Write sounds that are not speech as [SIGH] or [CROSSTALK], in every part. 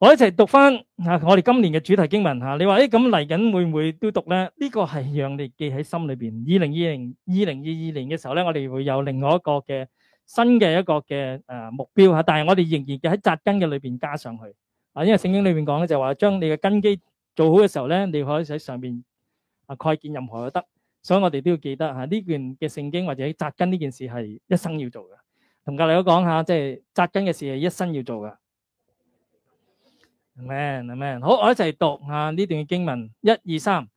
我一齊讀翻啊！我哋今年嘅主題經文吓，你話誒咁嚟緊會唔會都讀咧？呢個係讓你記喺心裏邊。二零二零、二零二二年嘅時候咧，我哋會有另外一個嘅新嘅一個嘅誒目標吓。但係我哋仍然要喺扎根嘅裏邊加上去啊，因為聖經裏邊講咧就話將你嘅根基做好嘅時候咧，你可以喺上面啊蓋建任何都得。所以我哋都要記得吓呢段嘅聖經或者喺扎根呢件事係一生要做嘅。同隔籬都講下，即係扎根嘅事係一生要做噶。Amen，Amen。好，我一齊讀下呢段嘅經文，一二三，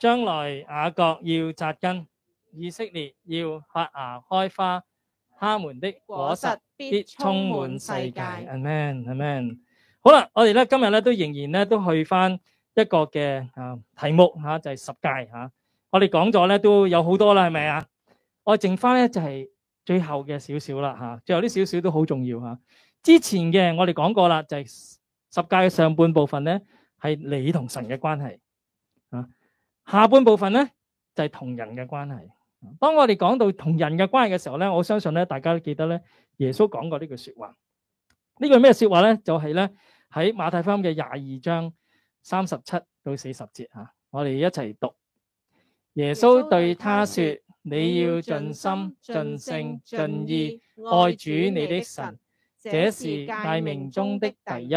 將來雅各要扎根，以色列要發芽開花，他們的果實必充滿世界。Amen，Amen。好啦，我哋咧今日咧都仍然咧都去翻一個嘅啊題目吓，就係十誡吓。我哋講咗咧都有好多啦，係咪啊？我剩翻咧就係最後嘅少少啦吓，最後啲少少都好重要吓。之前嘅我哋講過啦，就係。十誡嘅上半部分咧，係你同神嘅關係，啊，下半部分咧就係同人嘅關係。當我哋講到同人嘅關係嘅時候咧，我相信咧，大家都記得咧，耶穌講過呢句說話。呢句咩說話咧？就係咧喺馬太福音嘅廿二章三十七到四十節啊！我哋一齊讀。耶穌對他說：你要盡心、盡性、盡意愛主你的神，這是誡命中的第一。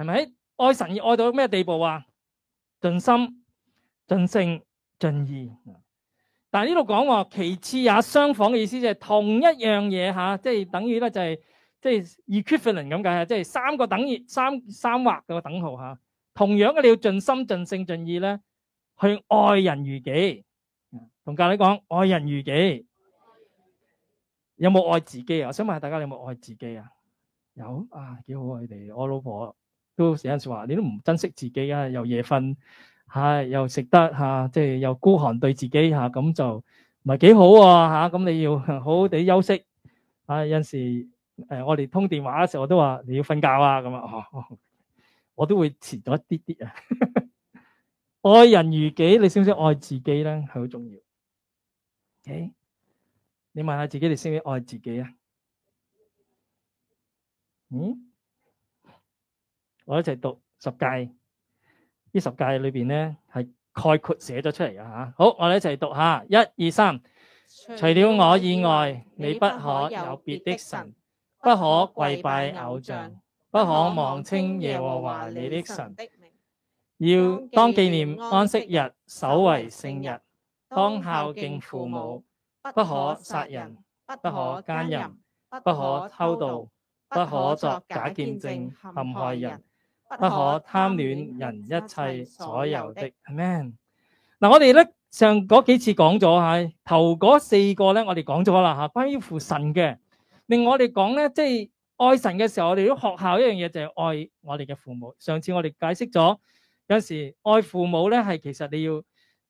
係咪愛神愛到咩地步啊？盡心、盡性、盡意。但係呢度講話，其次也相仿嘅意思，就係同一樣嘢吓，即係等於咧，就係即係 equivalent 咁解啊，即係三個等於三三劃個等號吓。同樣嘅你要盡心、盡性、盡意咧，去愛人如己。同教你講，愛人如己，有冇愛自己啊？我想問下大家，你有冇愛自己啊？有啊，幾好愛哋我老婆。都有時話你都唔珍惜自己啊，又夜瞓，唉，又食得吓，即係又孤寒對自己吓，咁就唔係幾好啊吓，咁你要好好地休息啊。有時誒，我哋通電話嘅時候，我都話你要瞓覺啊，咁啊，我都會遲咗一啲啲啊。愛人如己，你識唔識愛自己咧？係好重要。OK，你問下自己，你識唔識愛自己啊？嗯？我一齊讀十誡。呢十誡裏面呢，係概括寫咗出嚟嘅吓。好，我哋一齊讀下。一二三，除了我以外，你不可有別的神，不可跪拜偶像，不可妄稱耶和華你的神。要當紀念安息日，守為聖日。當孝敬父母，不可殺人，不可姦淫，不可偷盜，不可作假見證陷害人，不可貪戀人一切所有的，Amen。嗱，我哋咧上嗰幾次講咗吓，頭嗰四個咧，我哋講咗啦吓。關於父神嘅，令我哋講咧，即係愛神嘅時候，我哋都學效一樣嘢，就係愛我哋嘅父母。上次我哋解釋咗，有時愛父母咧，係其實你要，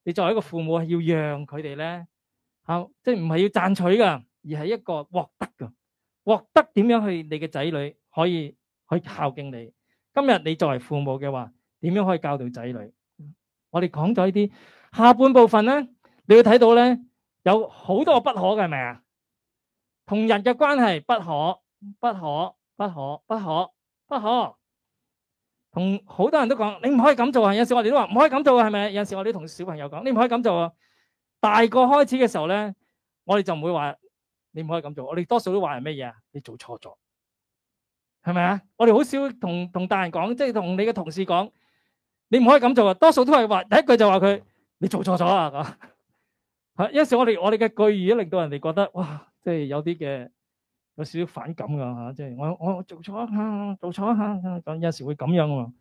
你作為一個父母係要讓佢哋咧吓，即係唔係要賺取噶，而係一個獲得噶，獲得點樣去你嘅仔女可以去孝敬你。今日你作為父母嘅話，點樣可以教導仔女？我哋講咗呢啲下半部分呢，你要睇到呢，有好多不可嘅，係咪啊？同人嘅關係不可，不可，不可，不可，不可。同好多人都講，你唔可以咁做啊！有陣時我哋都話唔可以咁做啊，係咪？有陣時我哋都同小朋友講，你唔可以咁做啊。大個開始嘅時候呢，我哋就唔會話你唔可以咁做，我哋多數都話係咩嘢？你做錯咗。係咪啊？我哋好少同同大人講，即係同你嘅同事講，你唔可以咁做啊！多數都係話第一句就話佢，你做錯咗啊！咁吓，有時我哋我哋嘅句語，都令到人哋覺得哇，即係有啲嘅有少少反感噶吓，即係我我做錯啊，做錯啊咁，有時會咁樣啊嘛。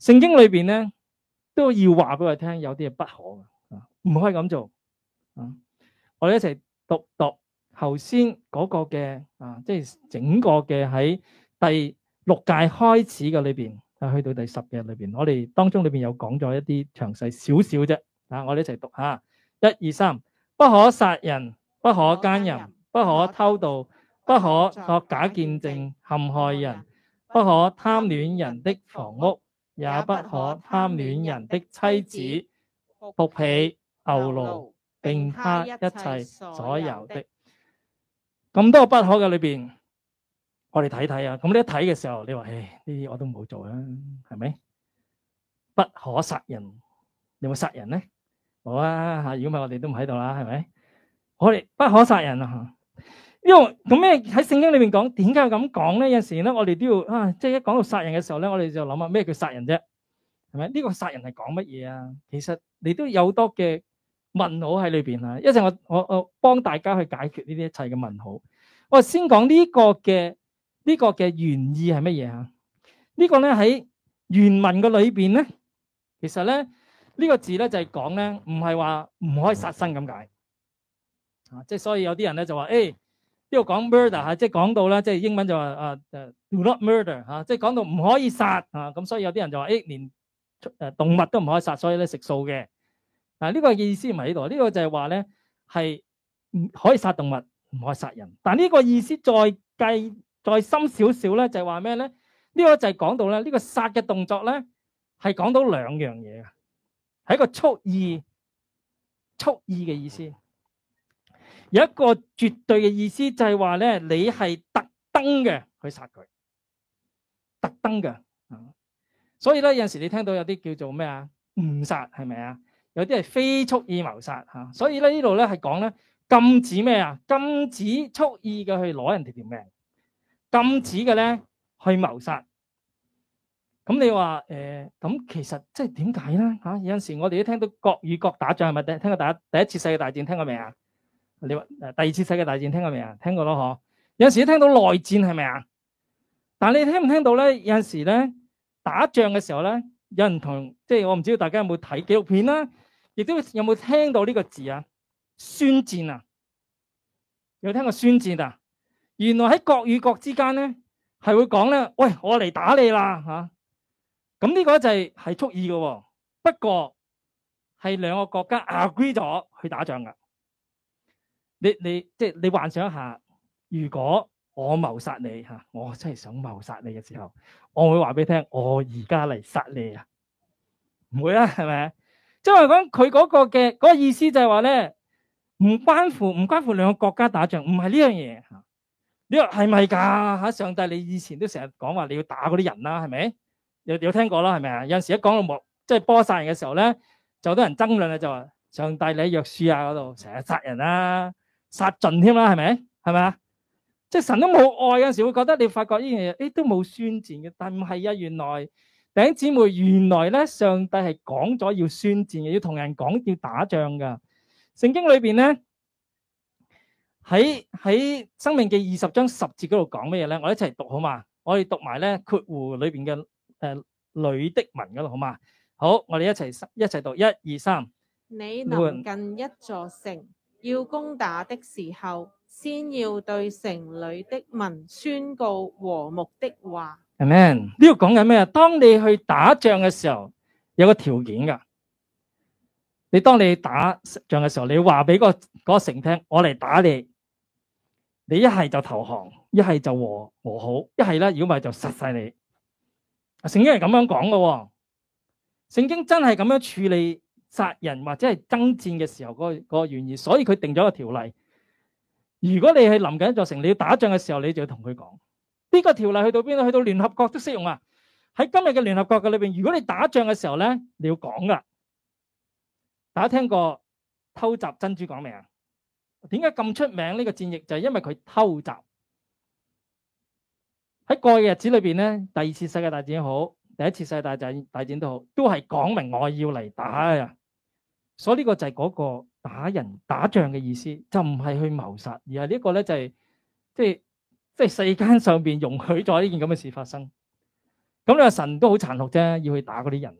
聖經裏邊咧都要話俾我聽，有啲嘢不可啊，唔可以咁做啊。我哋一齊讀讀頭先嗰個嘅啊，即係整個嘅喺。第六誡開始嘅裏邊，去到第十嘅裏邊，我哋當中裏邊有講咗一啲詳細少少啫，我哋一齊讀吓，一二三，不可殺人，不可奸淫，不可偷盜，不可作假見證陷害人，不可貪戀人的房屋，也不可貪戀人的妻子、僕婢、牛驢，並他一切所有的。咁多不可嘅裏邊。我哋睇睇啊！咁你一睇嘅時候，你話唉，呢啲我都唔好做啦，係咪？不可殺人，有冇殺人咧？冇啊！吓，如果唔係我哋都唔喺度啦，係咪？我哋不可殺人啊！因為咁咩喺聖經裏面講？點解要咁講咧？有陣時咧，我哋都要啊！即係一講到殺人嘅時候咧，我哋就諗下咩叫殺人啫？係咪？呢個殺人係講乜嘢啊？其實你都有多嘅問號喺裏邊啊！一陣我我我幫大家去解決呢啲一切嘅問號。我先講呢個嘅。呢個嘅原意係乜嘢啊？這個、呢個咧喺原文嘅裏邊咧，其實咧呢、這個字咧就係講咧，唔係話唔可以殺生咁解啊！即係所以有啲人咧就話：，誒、哎，呢、這個講 murder 嚇、啊，即係講到咧，即係英文就話誒誒 do not murder 嚇、啊，即係講到唔可以殺啊！咁所以有啲人就話：，誒、哎，連誒動物都唔可以殺，所以咧食素嘅。啊，呢、這個意思唔係呢度，呢、這個就係話咧係可以殺動物，唔可以殺人。但呢個意思再計。再深少少咧，就係話咩咧？呢個就係講到咧，呢個殺嘅動作咧，係講到兩樣嘢啊，係一個蓄意、蓄意嘅意思。有一個絕對嘅意思就意，就係話咧，你係特登嘅去殺佢，特登嘅啊。所以咧，有陣時你聽到有啲叫做咩啊？誤殺，係咪啊？有啲係非蓄意謀殺嚇。所以咧，呢度咧，係講咧，禁止咩啊？禁止蓄意嘅去攞人哋條命。禁止嘅咧去謀殺，咁你話誒，咁、呃、其實即係點解咧吓？有陣時我哋都聽到國與國打仗係咪？聽過第一第一次世界大戰聽過未啊？你話第二次世界大戰聽過未啊？聽過咯嗬、啊。有陣時都聽到內戰係咪啊？但係你聽唔聽到咧？有陣時咧打仗嘅時候咧，有人同即係我唔知道大家有冇睇紀錄片啦、啊，亦都有冇聽到呢個字啊？宣戰啊？有聽過宣戰啊？原來喺國與國之間咧，係會講咧，喂，我嚟打你啦吓。咁、啊、呢、呢個就係係蓄意噶、哦，不過係兩個國家 agree 咗去打仗噶。你你即係你幻想一下，如果我謀殺你吓、啊，我真係想謀殺你嘅時候，我會話俾你聽，我而家嚟殺你啊，唔會啊，係咪？即係話講佢嗰個嘅嗰、嗰個意思就係話咧，唔關乎唔關乎兩個國家打仗，唔係呢樣嘢。呢個係咪噶吓？上帝，你以前都成日講話你要打嗰啲人啦，係咪？有有聽過啦，係咪啊？有陣時一講到冇，即係波殺人嘅時候咧，就多人爭論啦，就話上帝，你喺約書亞嗰度成日殺人啦，殺盡添啦，係咪？係咪啊？即係神都冇愛嘅，有陣時會覺得你發覺呢樣嘢，誒，都冇宣戰嘅，但唔係啊，原來弟兄姊妹，原來咧上帝係講咗要宣戰嘅，要同人講要打仗噶。聖經裏邊咧。喺喺《生命記》二十章十節嗰度講乜嘢咧？我一齊讀好嘛？我哋讀埋咧括弧裏邊嘅誒「女的文」嗰度好嘛？好，我哋一齊一齊讀，一二三。你臨近一座城，要攻打的時候，先要對城裏的民宣告和睦的話。Amen。呢度講緊咩啊？當你去打仗嘅時候，有個條件噶。你當你打仗嘅時候，你話俾嗰嗰城聽，我嚟打你。你一係就投降，一係就和和好，一係咧如果唔係就殺晒你。聖經係咁樣講噶。哦，聖經真係咁樣處理殺人或者係爭戰嘅時候嗰個個原意，所以佢定咗個條例。如果你係臨緊一座城，你要打仗嘅時候，你就要同佢講。呢，這個條例去到邊度？去到聯合國都適用啊！喺今日嘅聯合國嘅裏邊，如果你打仗嘅時候咧，你要講噶。大家聽過偷襲珍珠港未啊？點解咁出名呢個戰役？就係因為佢偷襲，喺過去日子裏邊咧，第二次世界大戰好，第一次世界大戰大戰都好，都係講明我要嚟打啊！所以呢個就係嗰個打人打仗嘅意思，就唔係去謀殺，而係呢一個咧就係即係即係世間上邊容許咗呢件咁嘅事發生。咁呢個神都好殘酷啫，要去打嗰啲人，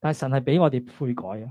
但係神係俾我哋悔改嘅。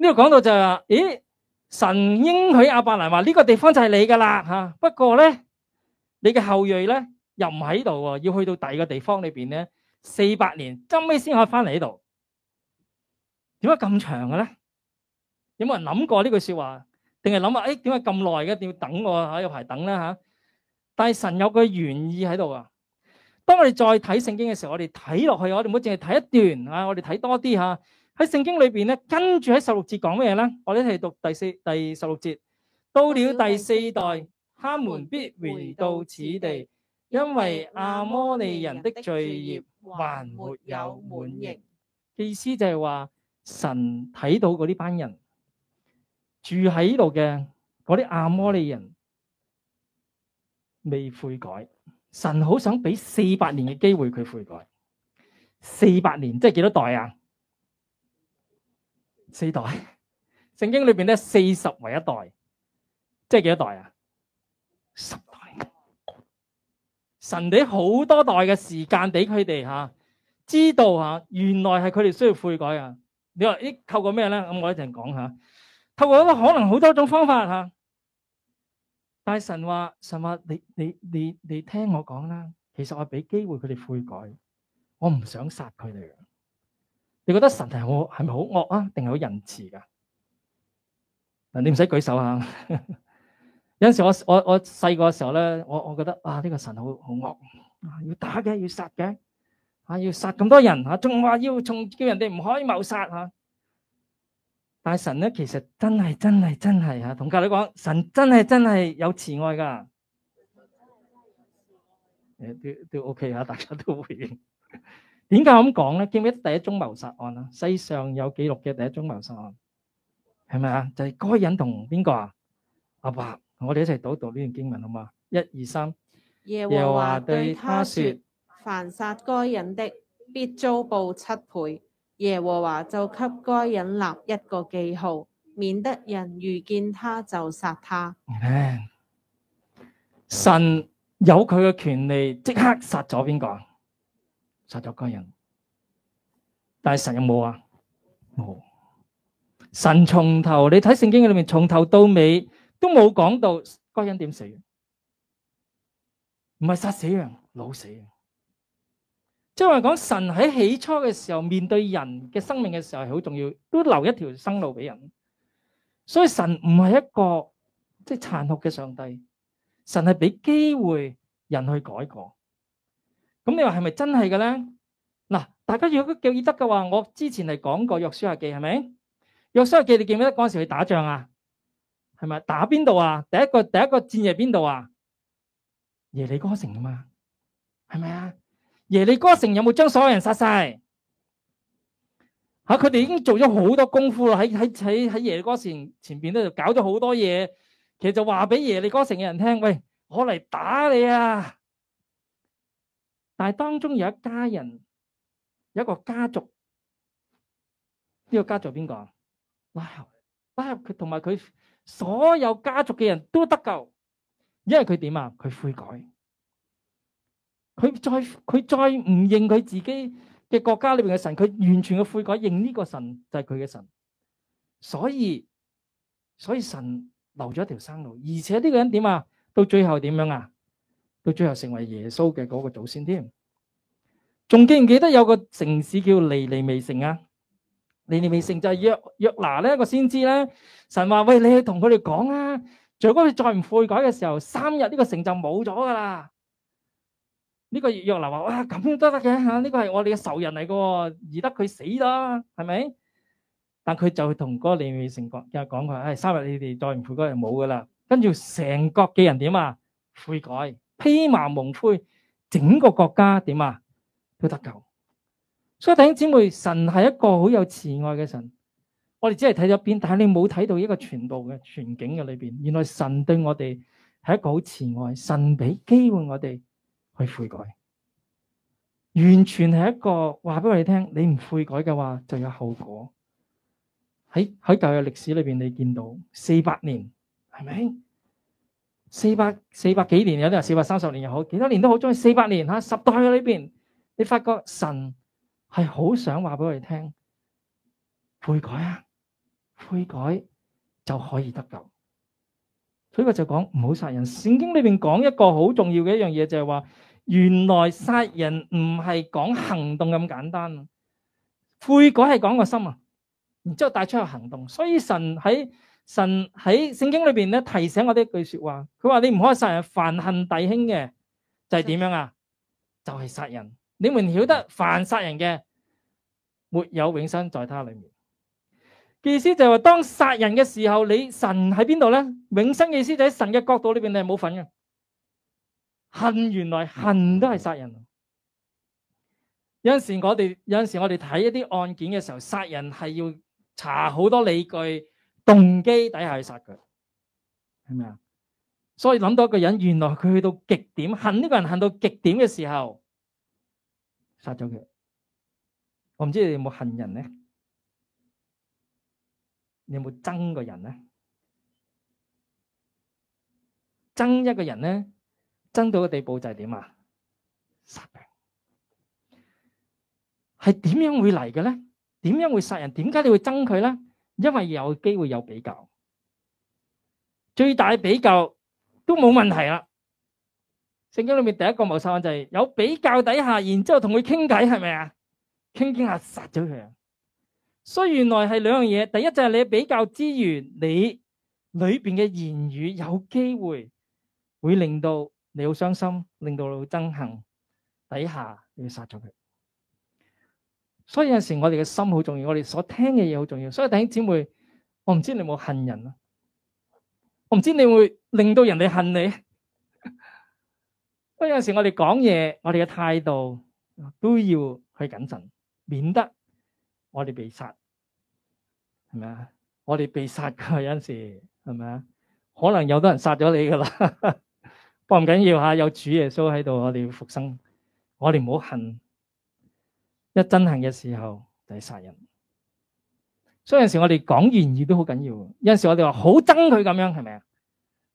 呢度講到就係話，咦？神應許阿伯蘭話：呢個地方就係你噶啦，吓。不過咧，你嘅後裔咧又唔喺度喎，要去到第二個地方裏邊咧，四百年，收尾先可以翻嚟呢度。點解咁長嘅咧？有冇人諗過呢句說話？定係諗啊？誒，點解咁耐嘅？一定要等我喺有排等咧？吓！但係神有個原意喺度啊。當我哋再睇聖經嘅時候，我哋睇落去，我哋唔好淨係睇一段啊，我哋睇多啲吓。喺聖經裏邊咧，跟住喺十六節講咩嘢咧？我哋一齊讀第四、第十六節。到了第四代，他們必回到此地，因為亞摩利人的罪孽還沒有滿盈。意思就係話，神睇到嗰啲班人住喺度嘅嗰啲亞摩利人未悔改，神好想俾四百年嘅機會佢悔改。四百年即係幾多代啊？四代，聖經裏邊咧，四十為一代，即係幾多代啊？十代，神俾好多代嘅時間俾佢哋吓，知道吓、啊，原來係佢哋需要悔改啊！你話咦，欸、透過咩咧？咁我一陣講下。透過一個可能好多種方法吓、啊，但係神話神話，你你你你聽我講啦，其實我俾機會佢哋悔改，我唔想殺佢哋嘅。你覺得神係好係咪好惡啊？定係好仁慈噶？你唔使舉手啊！有陣時我我我細個嘅時候咧，我我覺得啊，呢個神好好惡，要打嘅，要殺嘅，啊要殺咁多人啊，仲話要從叫人哋唔可以謀殺啊！但係神咧，其實真係真係真係吓，同教你講，神真係真係有慈愛噶。誒，都都 OK 啊，大家都會。點解咁講咧？記唔記得第一宗謀殺案啊？世上有記錄嘅第一宗謀殺案係、啊、咪啊？就係、是、該人同邊個啊？阿、啊、爸，我哋一齊讀一讀呢段經文好嘛？一二三，耶和華對他說：凡殺該人的，必遭報七倍。耶和華就給該人立一個記號，免得人遇見他就殺他。神有佢嘅權利，即刻殺咗邊個？殺咗個人，但係神有冇啊？冇有。神從頭，你睇聖經嘅裏面，從頭到尾都冇講到個人點死，唔係殺死人，老死人。即係話講，神喺起初嘅時候面對人嘅生命嘅時候係好重要，都留一條生路俾人。所以神唔係一個即係、就是、殘酷嘅上帝，神係俾機會人去改過。咁你話係咪真係嘅咧？嗱，大家如果叫記得嘅話，我之前係講過約書亞記，係咪？約書亞記你記唔記得嗰陣時去打仗啊？係咪？打邊度啊？第一個第一個戰役邊度啊？耶利哥城啊嘛，係咪啊？耶利哥城有冇將所有人殺晒？嚇、啊！佢哋已經做咗好多功夫啦，喺喺喺喺耶利哥城前邊咧度搞咗好多嘢，其實就話俾耶利哥城嘅人聽，喂，我嚟打你啊！但係當中有一家人，有一個家族，呢、這個家族邊個啊？喇合，喇合佢，同埋佢所有家族嘅人都得救，因為佢點啊？佢悔改，佢再佢再唔認佢自己嘅國家裏邊嘅神，佢完全嘅悔改，認呢個神就係佢嘅神，所以所以神留咗一條生路，而且呢個人點啊？到最後點樣啊？佢最後成為耶穌嘅嗰個祖先添，仲記唔記得有個城市叫尼尼微城啊？尼尼微城就係約約拿咧。個先知咧，神話，喂你去同佢哋講啦。如果佢哋再唔悔改嘅時候，三日呢個城就冇咗噶啦。呢個約拿話：，哇，咁都得嘅吓？呢個係我哋嘅仇人嚟噶，而得佢死啦，係咪？但佢就同嗰個尼尼微城講，就講佢：，唉，三日你哋再唔悔改就冇噶啦。跟住成國嘅人點啊？悔改。披麻蒙灰，整個國家點啊，都得救。所以弟兄姊妹，神係一個好有慈愛嘅神。我哋只係睇咗邊，但係你冇睇到一個全部嘅全景嘅裏邊。原來神對我哋係一個好慈愛，神俾機會我哋去悔改，完全係一個話俾我哋聽，你唔悔改嘅話就有後果。喺喺舊嘅歷史裏邊，你見到四百年，係咪？四百四百幾年，有啲人四百三十年又好，幾多年都好中意四百年吓。十誡喺呢邊，你發覺神係好想話俾我哋聽悔改啊！悔改就可以得救。所以我就講唔好殺人。聖經裏邊講一個好重要嘅一樣嘢，就係話原來殺人唔係講行動咁簡單。悔改係講個心啊，然之後帶出個行動。所以神喺。神喺聖經裏邊咧，提醒我哋一句說話，佢話，你唔可以殺人、凡恨弟兄嘅，就係點樣啊？就係殺人。你們曉得凡殺人嘅，沒有永生在他裏面。意思就係話，當殺人嘅時候，你神喺邊度咧？永生嘅意思就喺神嘅角度裏邊，你係冇份嘅。恨，原來恨都係殺人。有陣時我哋有陣時我哋睇一啲案件嘅時候，殺人係要查好多理據。動機底下去殺佢，係咪啊？所以諗到一個人，原來佢去到極點，恨呢個人恨到極點嘅時候，殺咗佢。我唔知你哋有冇恨人咧？你有冇憎個人咧？憎一個人咧，憎到個地步就係點啊？殺人係點樣會嚟嘅咧？點樣會殺人？點解你會憎佢咧？因為有機會有比較，最大嘅比較都冇問題啦。聖經裏面第一個謀殺案就係有比較底下，然之後同佢傾偈，係咪啊？傾傾下殺咗佢啊！所以原來係兩樣嘢，第一就係你嘅比較之餘，你裏邊嘅言語有機會會令到你好傷心，令到你好憎恨底下，你殺咗佢。所以有陣時我哋嘅心好重要，我哋所聽嘅嘢好重要。所以弟兄姊妹，我唔知你有冇恨人啊？我唔知你會唔會令到人哋恨你。所 [LAUGHS] 以有陣時我哋講嘢，我哋嘅態度都要去謹慎，免得我哋被殺，係咪啊？我哋被殺嘅有陣時，係咪啊？可能有啲人殺咗你噶啦， [LAUGHS] 不過唔緊要吓，有主耶穌喺度，我哋要復生，我哋唔好恨。一憎恨嘅時候就係殺人，所以有陣時我哋講言語都好緊要。有陣時我哋話好憎佢咁樣，係咪啊？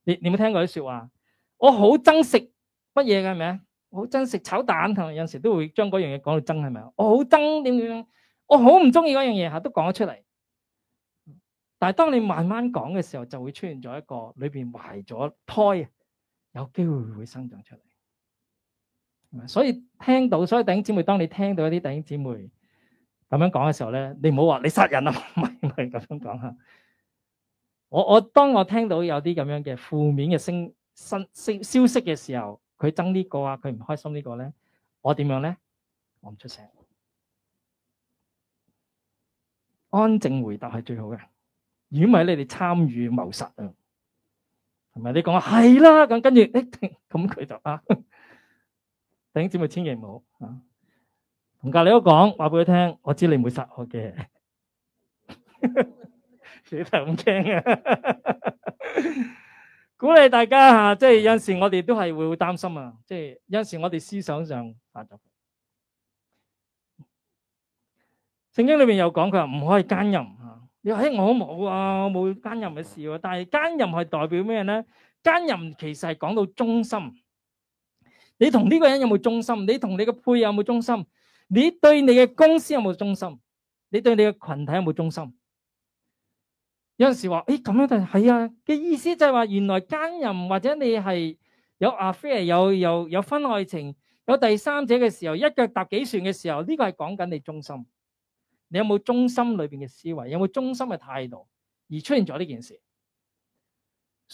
你你有冇聽過啲說話？我好憎食乜嘢嘅，係咪啊？好憎食炒蛋同埋，有陣時都會將嗰樣嘢講到憎，係咪啊？我好憎點點樣，我好唔中意嗰樣嘢，吓都講咗出嚟。但係當你慢慢講嘅時候，就會出現咗一個裏邊懷咗胎，有機會會生長出嚟。所以聽到，所以弟兄姊妹，當你聽到一啲弟兄姊妹咁樣講嘅時候咧，你唔好話你殺人啊，唔係唔係咁樣講嚇。我我當我聽到有啲咁樣嘅負面嘅聲新消消息嘅時候，佢憎呢個啊，佢唔開心呢、這個咧，我點樣咧？我唔出聲，安靜回答係最好嘅。如果唔係你哋參與謀殺啊，係咪你講？係啦，咁跟住，咁、哎、佢就啊。 [LAUGHS] 頂住咪千祈唔好，同隔籬都講話俾佢聽，我知你唔會殺我嘅，你又唔驚啊？鼓勵大家吓，即係有陣時我哋都係會擔心啊！即係有陣時我哋思想上，聖經裏邊有講佢話唔可以姦淫吓。你話咦我冇啊，我冇姦淫嘅事喎。但係姦淫係代表咩咧？姦淫其實係講到忠心。你同呢個人有冇忠心？你同你嘅配偶有冇忠心？你對你嘅公司有冇忠心？你對你嘅群體有冇忠心？有陣時話，誒、哎、咁樣都係啊嘅意思就是說，就係話原來奸淫或者你係有 affair 有、有有有婚外情、有第三者嘅時候，一腳踏幾船嘅時候，呢、這個係講緊你的忠心。你有冇忠心裏面嘅思維？有冇忠心嘅態度？而出現咗呢件事？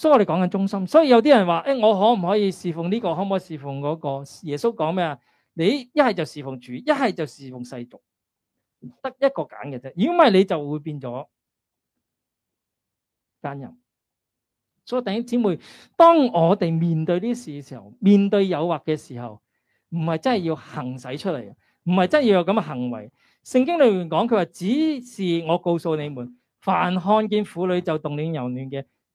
所以我哋講緊忠心，所以有啲人話：，誒，我可唔可以侍奉呢個？可唔可以侍奉嗰個？耶穌講咩啊？你一係就侍奉主，一係就侍奉世俗，得一個揀嘅啫。如果唔係，你就會變咗奸淫。所以，弟兄姊妹，當我哋面對呢啲事嘅時候，面對誘惑嘅時候，唔係真係要行使出嚟，唔係真要有咁嘅行為。聖經裏面講，佢話：，只是我告訴你們，凡看見婦女就動淫念嘅。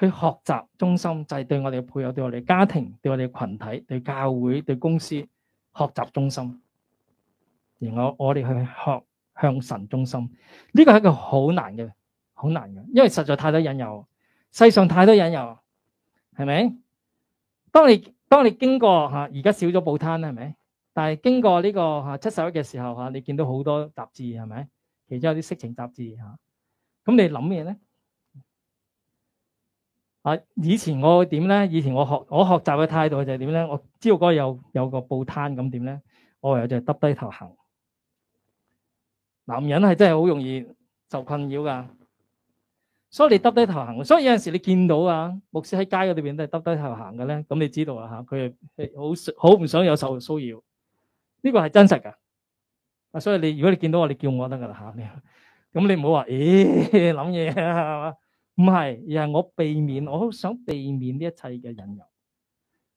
佢學習中心就係對我哋嘅配偶、對我哋嘅家庭、對我哋嘅羣體、對教會、對公司學習中心，然後我哋去學向神中心，呢個係一個好難嘅、好難嘅，因為實在太多引誘，世上太多引誘，係咪？當你當你經過吓，而家少咗報攤啦，係咪？但係經過呢個吓七十一嘅時候吓，你見到好多雜誌，係咪？其中有啲色情雜誌吓，咁你諗咩咧？啊！以前我會點咧？以前我學我學習嘅態度就係點咧？我知道嗰，又有，有個報攤咁，點咧？我唯有就係耷低頭行。男人係真係好容易受困擾噶，所以你耷低頭行。所以有陣時你見到啊，牧師喺街嗰邊都係耷低頭行嘅咧。咁你知道啦吓，佢係好好唔想有受騷擾。呢個係真實噶。啊，所以你如果你見到我你叫我得噶啦，吓你，咁你唔好話咦諗嘢係嘛？唔係，而係我避免，我想避免呢一切嘅引誘。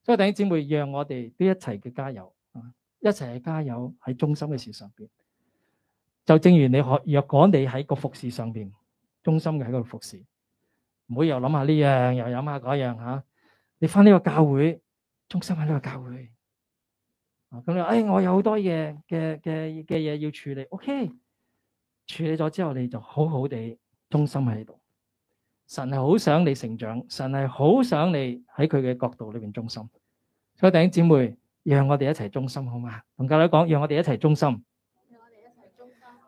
所以弟兄姊妹，讓我哋都一齊嘅加油，啊，一齊去加油喺忠心嘅事上邊。就正如你學，若果你喺個服侍上邊，忠心嘅喺度服侍，唔好又諗下呢樣，又諗下嗰樣吓。你翻呢個教會，忠心喺呢個教會。咁你，哎，我有好多嘢嘅嘅嘅嘢要處理。OK，處理咗之後，你就好好地忠心喺度。神係好想你成長，神係好想你喺佢嘅角度裏邊忠心。所以弟兄姊妹，讓我哋一齊忠心，好嗎？同教友講，讓我哋一齊忠心。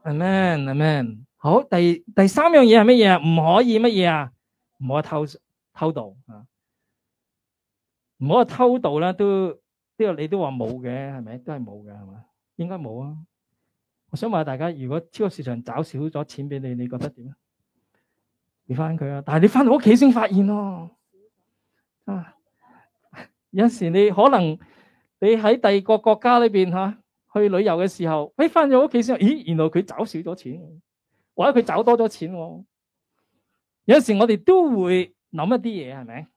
阿門阿門，好。第第三樣嘢係乜嘢啊？唔可以乜嘢啊？唔好偷偷盜啊！唔好偷盜啦，都呢個你都話冇嘅係咪？都係冇嘅係咪？應該冇啊！我想問下大家，如果超級市場找少咗錢俾你，你覺得點啊？你翻佢啊！但係你翻到屋企先發現咯，啊！有陣時你可能你喺第個國家裏邊嚇去旅遊嘅時候，哎，翻咗屋企先，咦，原來佢找少咗錢，或者佢找多咗錢。有陣時我哋都會諗一啲嘢，係咪？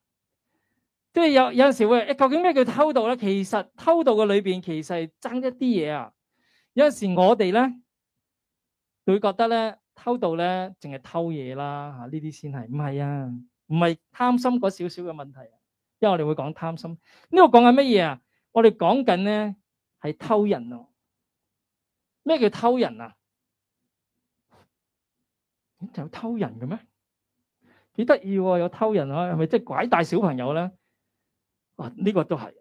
即係有有陣時會，究竟咩叫偷盜咧？其實偷盜嘅裏邊其實係爭一啲嘢啊！有陣時我哋咧會覺得咧。偷盜咧，淨係偷嘢啦？吓呢啲先係？唔係啊，唔係貪心嗰少少嘅問題，因為我哋會講貪心。呢個講緊乜嘢啊？我哋講緊咧係偷人咯。咩叫偷人啊？有偷人嘅咩？幾得意喎，有偷人啊？係咪即係拐帶小朋友咧？啊，呢個都係。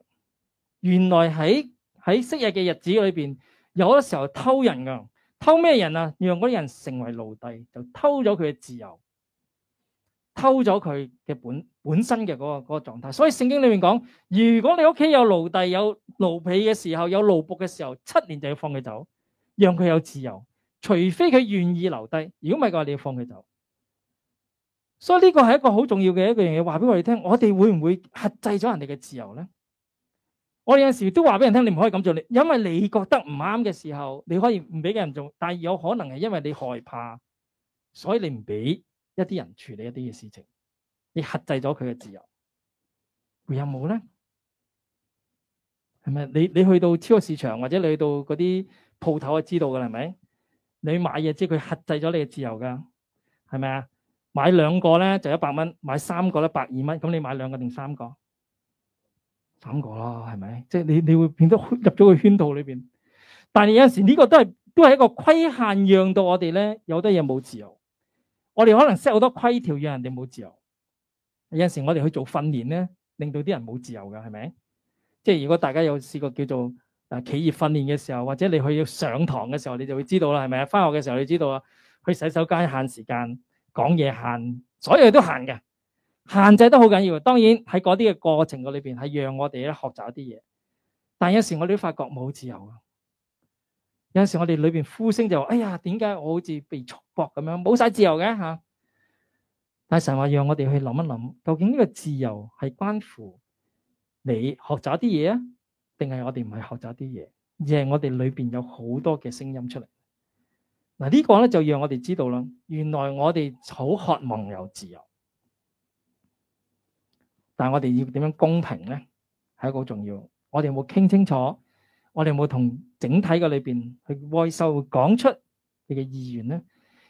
原來喺喺昔日嘅日子裏邊，有啲時候偷人噶。偷咩人啊？讓嗰啲人成為奴隸，就偷咗佢嘅自由，偷咗佢嘅本本身嘅嗰個嗰個狀態。所以聖經裏面講，如果你屋企有奴隸、有奴婢嘅時候，有奴僕嘅時候，七年就要放佢走，讓佢有自由，除非佢願意留低。如果唔係嘅話，你要放佢走。所以呢個係一個好重要嘅一樣嘢，話俾我哋聽。我哋會唔會克制咗人哋嘅自由呢？我有陣時都話俾人聽，你唔可以咁做。你因為你覺得唔啱嘅時候，你可以唔俾人做。但係有可能係因為你害怕，所以你唔俾一啲人處理一啲嘅事情，你限制咗佢嘅自由。會有冇咧？係咪？你你去到超級市場或者你去到嗰啲鋪頭就知道噶啦，係咪？你買嘢即係佢限制咗你嘅自由噶，係咪啊？買兩個咧就一百蚊，買三個咧百二蚊。咁你買兩個定三個？諗過啦，係咪？即係你你會變得入咗個圈套裏邊，但係有陣時呢個都係都係一個規限讓，讓到我哋咧有得嘢冇自由。我哋可能 set 好多規條，讓人哋冇自由。有陣時我哋去做訓練咧，令到啲人冇自由噶，係咪？即係如果大家有試過叫做誒企業訓練嘅時候，或者你去上堂嘅時候，你就會知道啦，係咪？翻學嘅時候你知道啊，去洗手間限時間，講嘢限，所有嘢都限嘅。限制得好緊要，當然喺嗰啲嘅過程嘅裏邊係讓我哋咧學習一啲嘢，但有時我哋都發覺冇自由。有時我哋裏邊呼聲就話：哎呀，點解我好似被束縛咁樣？冇晒自由嘅吓。但神話讓我哋去諗一諗，究竟呢個自由係關乎你學習啲嘢啊，定係我哋唔係學習啲嘢，而係我哋裏邊有好多嘅聲音出嚟。嗱、這、呢個咧就讓我哋知道啦，原來我哋好渴望有自由。但係我哋要點樣公平咧，係一個好重要。我哋有冇傾清楚？我哋有冇同整體嘅裏邊去外售講出你嘅意願咧？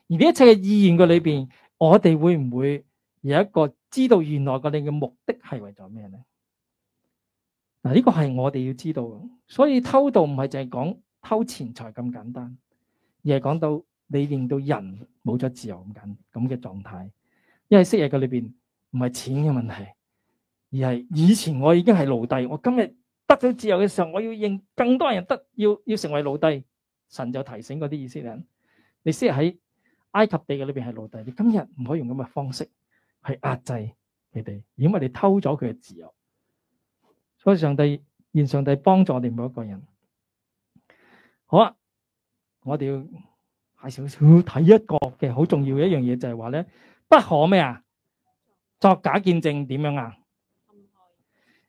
而呢一切嘅意願嘅裏邊，我哋會唔會有一個知道原來個你嘅目的係為咗咩咧？嗱，呢個係我哋要知道。所以偷盜唔係淨係講偷錢財咁簡單，而係講到你令到人冇咗自由咁緊咁嘅狀態。因為昔日嘅裏邊唔係錢嘅問題。而係以前我已經係奴隸，我今日得咗自由嘅時候，我要認更多人得，要要成為奴隸，神就提醒嗰啲意思咧，你先喺埃及地嘅裏邊係奴隸，你今日唔可以用咁嘅方式去壓制佢哋，因為你偷咗佢嘅自由，所以上帝願上帝幫助我哋每一個人。好啊，我哋要少少睇一個嘅好重要嘅一樣嘢，就係話咧，不可咩啊？作假見證點樣啊？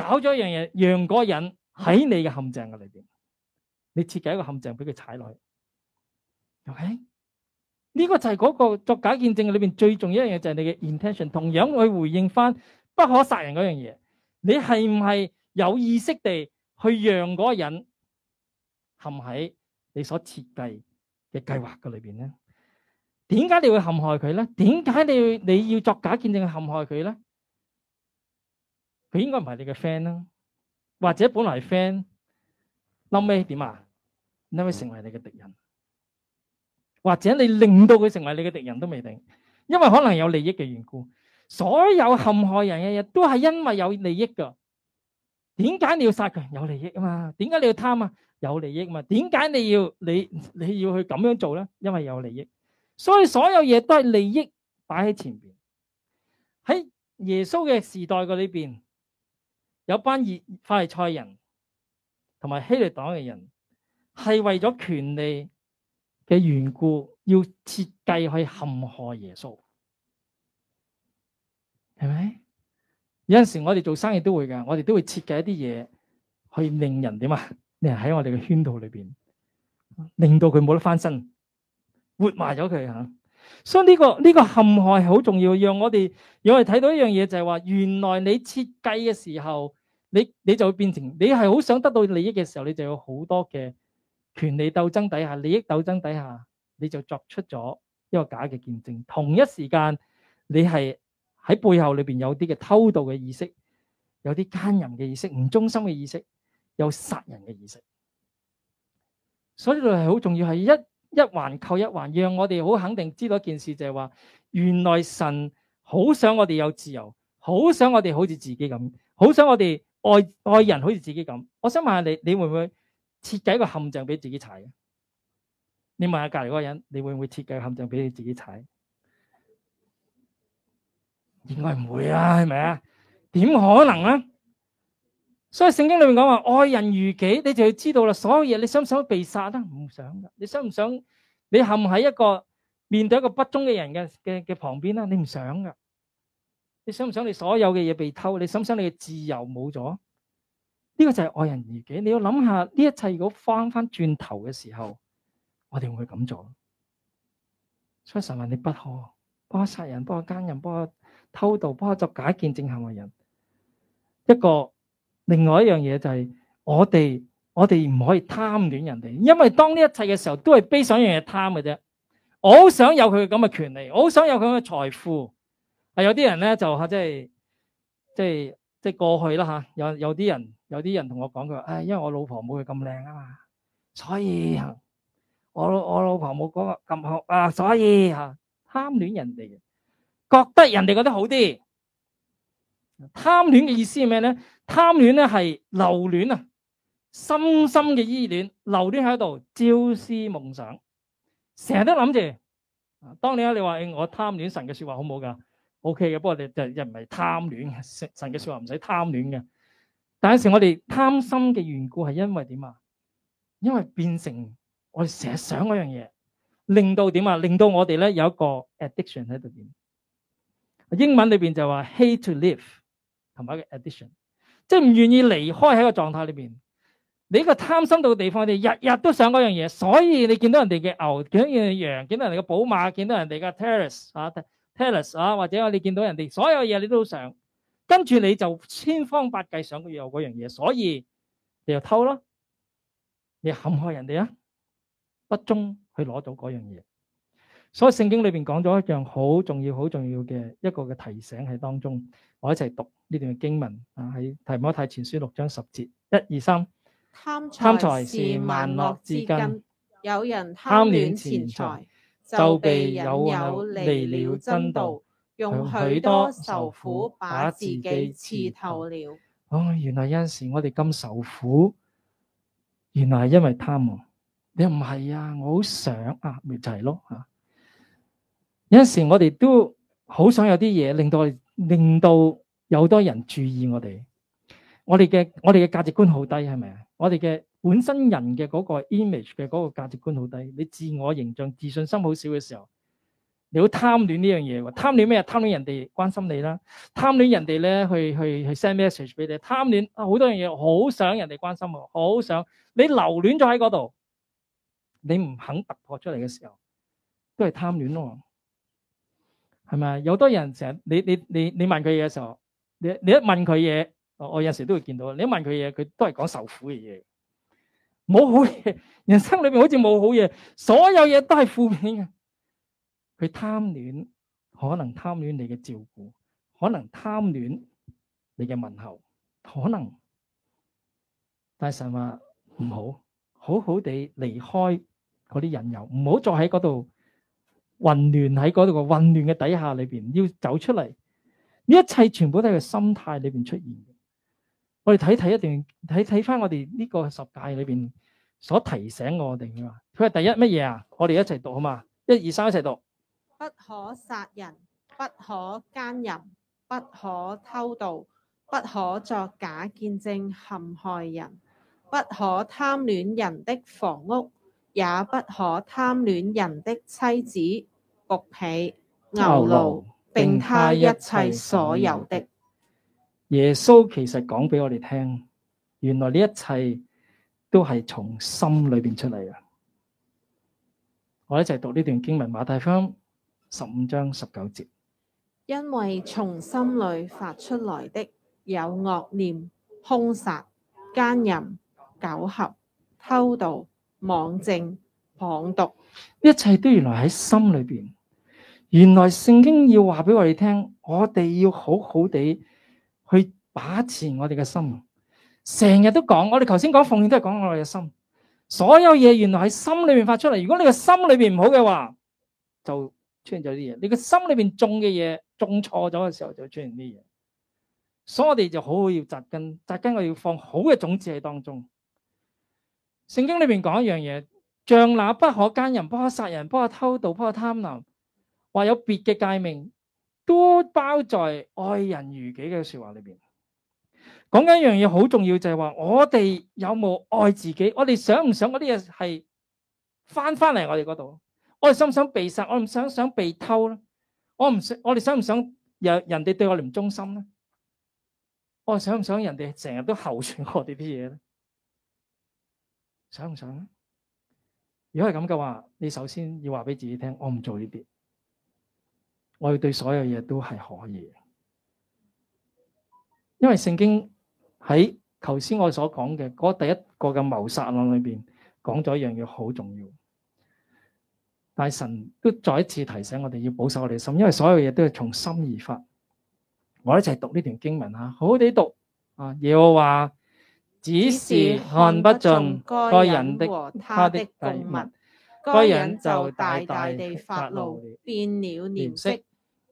搞咗一樣嘢，讓嗰個人喺你嘅陷阱，嘅裏邊，你設計一個陷阱俾佢踩落去，OK？呢個就係嗰個作假見證嘅裏邊最重要一樣嘢，就係你嘅 intention。同樣去回應翻不可殺人嗰樣嘢，你係唔係有意識地去讓嗰個人陷喺你所設計嘅計劃嘅裏邊咧？點解你會陷害佢咧？點解你你要作假見證去陷害佢咧？佢應該唔係你嘅 friend 啦，或者本來係 friend，後尾點啊？後尾成為你嘅敵人，或者你令到佢成為你嘅敵人都未定，因為可能有利益嘅緣故。所有陷害人嘅嘢都係因為有利益嘅。點解你要殺佢？有利益啊嘛？點解你要貪啊？有利益啊嘛？點解你要你你要去咁樣做咧？因為有利益。所以所有嘢都係利益擺喺前邊。喺耶穌嘅時代嘅裏邊。有班熱法利賽人同埋希律黨嘅人，係為咗權利嘅緣故，要設計去陷害耶穌，係咪？有陣時我哋做生意都會噶，我哋都會設計一啲嘢，去令人點啊？令人喺我哋嘅圈套裏邊，令到佢冇得翻身，活埋咗佢啊！所以呢、這個呢、這個陷害好重要，讓我哋我哋睇到一樣嘢就係話，原來你設計嘅時候，你你就會變成你係好想得到利益嘅時候，你就有好多嘅權利鬥爭底下、利益鬥爭底下，你就作出咗一個假嘅見證。同一時間，你係喺背後裏邊有啲嘅偷盜嘅意識，有啲奸淫嘅意識，唔忠心嘅意識，有殺人嘅意識。所以係好重要，係一。一環扣一環，讓我哋好肯定知道一件事就係話，原來神好想我哋有自由，好想我哋好似自己咁，好想我哋愛愛人好似自己咁。我想問下你，你會唔會設計一個陷阱俾自己踩？你問下隔籬嗰個人，你會唔會設計陷阱俾你自己踩？應該唔會啊，係咪啊？點可能咧？所以聖經裏面講話愛人如己，你就要知道啦。所有嘢，你想唔想被殺咧？唔想噶。你想唔想你陷喺一個面對一個不忠嘅人嘅嘅嘅旁邊咧？你唔想噶。你想唔想你所有嘅嘢被偷？你想唔想你嘅自由冇咗？呢個就係愛人如己。你要諗下呢一切如果翻翻轉頭嘅時候，我哋會唔會咁做？所以神話你不可，不可殺人，不可奸人，不可偷盜，不可作假見證陷害人。一個。另外一樣嘢就係我哋，我哋唔可以貪戀人哋，因為當呢一切嘅時候都係悲想一樣嘢貪嘅啫。我好想有佢咁嘅權利，我好想有佢咁嘅財富。係、啊、有啲人咧就嚇，即係即係即係過去啦嚇、啊。有有啲人，有啲人同我講佢話，唉、哎，因為我老婆冇佢咁靚啊嘛，所以我我老婆冇嗰個咁好啊，所以嚇、啊、貪戀人哋，覺得人哋覺得好啲。貪戀嘅意思係咩咧？貪戀咧係留戀啊，深深嘅依戀，留戀喺度，朝思暮想，成日都諗住。當然啦，你、欸、話我貪戀神嘅說話好冇噶，OK 嘅。不過你又唔係貪戀神嘅說話，唔使貪戀嘅。但係有時我哋貪心嘅緣故係因為點啊？因為變成我哋成日想嗰樣嘢，令到點啊？令到我哋咧有一個 addiction 喺度點？英文裏邊就話 hate to live 同埋一個 addiction。即係唔願意離開喺個狀態裏邊，你一個貪心到嘅地方，你日日都想嗰樣嘢，所以你見到人哋嘅牛，見到人哋嘅羊，見到人哋嘅寶馬，見到人哋嘅 Tesla 啊，Tesla 啊，或者你見到人哋所有嘢你都想，跟住你就千方百計想要有嗰樣嘢，所以你就偷咯，你陷害人哋啊，不忠去攞到嗰樣嘢。所以聖經裏邊講咗一樣好重要、好重要嘅一個嘅提醒喺當中，我一齊讀。呢段經文啊，喺《提摩太前書》六章十節，一二三。貪財是萬惡之根。有人貪戀錢財，就被引誘離了真道，用許多愁苦把自己刺透了。哦，原來有陣時我哋咁受苦，原來係因為貪啊！你唔係啊？我好想啊，咪就係咯。有陣時我哋都好想有啲嘢令到我哋，令到。有多人注意我哋，我哋嘅、我哋嘅價值觀好低，係咪啊？我哋嘅本身人嘅嗰個 image 嘅嗰個價值觀好低，你自我形象自信心好少嘅時候，你好貪戀呢樣嘢，貪戀咩啊？貪戀人哋關心你啦，貪戀人哋咧去去去 send message 俾你，貪戀啊好多樣嘢，好想人哋關心我，好想你留戀咗喺嗰度，你唔肯突破出嚟嘅時候，都係貪戀咯，係咪啊？有多人成日你你你你，你問佢嘢嘅時候。你你一問佢嘢，我有時都會見到。你一問佢嘢，佢都係講受苦嘅嘢，冇好嘢。人生裏邊好似冇好嘢，所有嘢都係負面嘅。佢貪戀，可能貪戀你嘅照顧，可能貪戀你嘅問候，可能。但係神話唔好，好好地離開嗰啲引誘，唔好再喺嗰度混亂喺嗰度個混亂嘅底下裏邊，要走出嚟。一切全部都喺佢心態裏邊出現。我哋睇睇一段，睇睇翻我哋呢個十誡裏邊所提醒我哋噶。佢話第一乜嘢啊？我哋一齊讀好嘛？一二三一齊讀。不可殺人，不可奸淫，不可偷盜，不可作假見證陷害人，不可貪戀人的房屋，也不可貪戀人的妻子、僕婢、牛驢。哦哦並他一切所有的。耶穌其實講俾我哋聽，原來呢一切都係從心裏邊出嚟啊！我一齊讀呢段經文，馬太福音十五章十九節，因為從心裏發出來的有惡念、凶殺、奸淫、苟合、偷盜、妄證、謗讟，一切都原來喺心裏邊。原來聖經要話俾我哋聽，我哋要好好地去把持我哋嘅心。成日都講，我哋頭先講奉獻都係講我哋嘅心。所有嘢，原來喺心裏邊發出嚟。如果你嘅心裏邊唔好嘅話，就出現咗啲嘢。你嘅心裏邊種嘅嘢種錯咗嘅時候，就出現啲嘢。所以我哋就好好要紮根，紮根，我要放好嘅種子喺當中。聖經裏邊講一樣嘢，像那不可姦淫、不可殺人、不可偷盜、不可貪婪。話有別嘅誡命，都包在愛人如己嘅說話裏邊。講緊一樣嘢好重要，就係話我哋有冇愛自己？我哋想唔想嗰啲嘢係翻翻嚟我哋嗰度？我哋想唔想被殺？我唔想想被偷咧？我唔想，想我，我哋想唔想有人哋對我哋唔忠心咧？我哋想唔想人哋成日都後傳我哋啲嘢咧？想唔想咧？如果係咁嘅話，你首先要話俾自己聽，我唔做呢啲。我要對所有嘢都係可以，因為聖經喺頭先我所講嘅嗰第一個嘅謀殺案裏邊講咗一樣嘢好重要，但係神都再一次提醒我哋要保守我哋嘅心，因為所有嘢都係從心而發。我一齊讀呢段經文啊，好好地讀啊。耶和華只是看不盡該人和他的供物，該人就大大地發怒，變了臉色。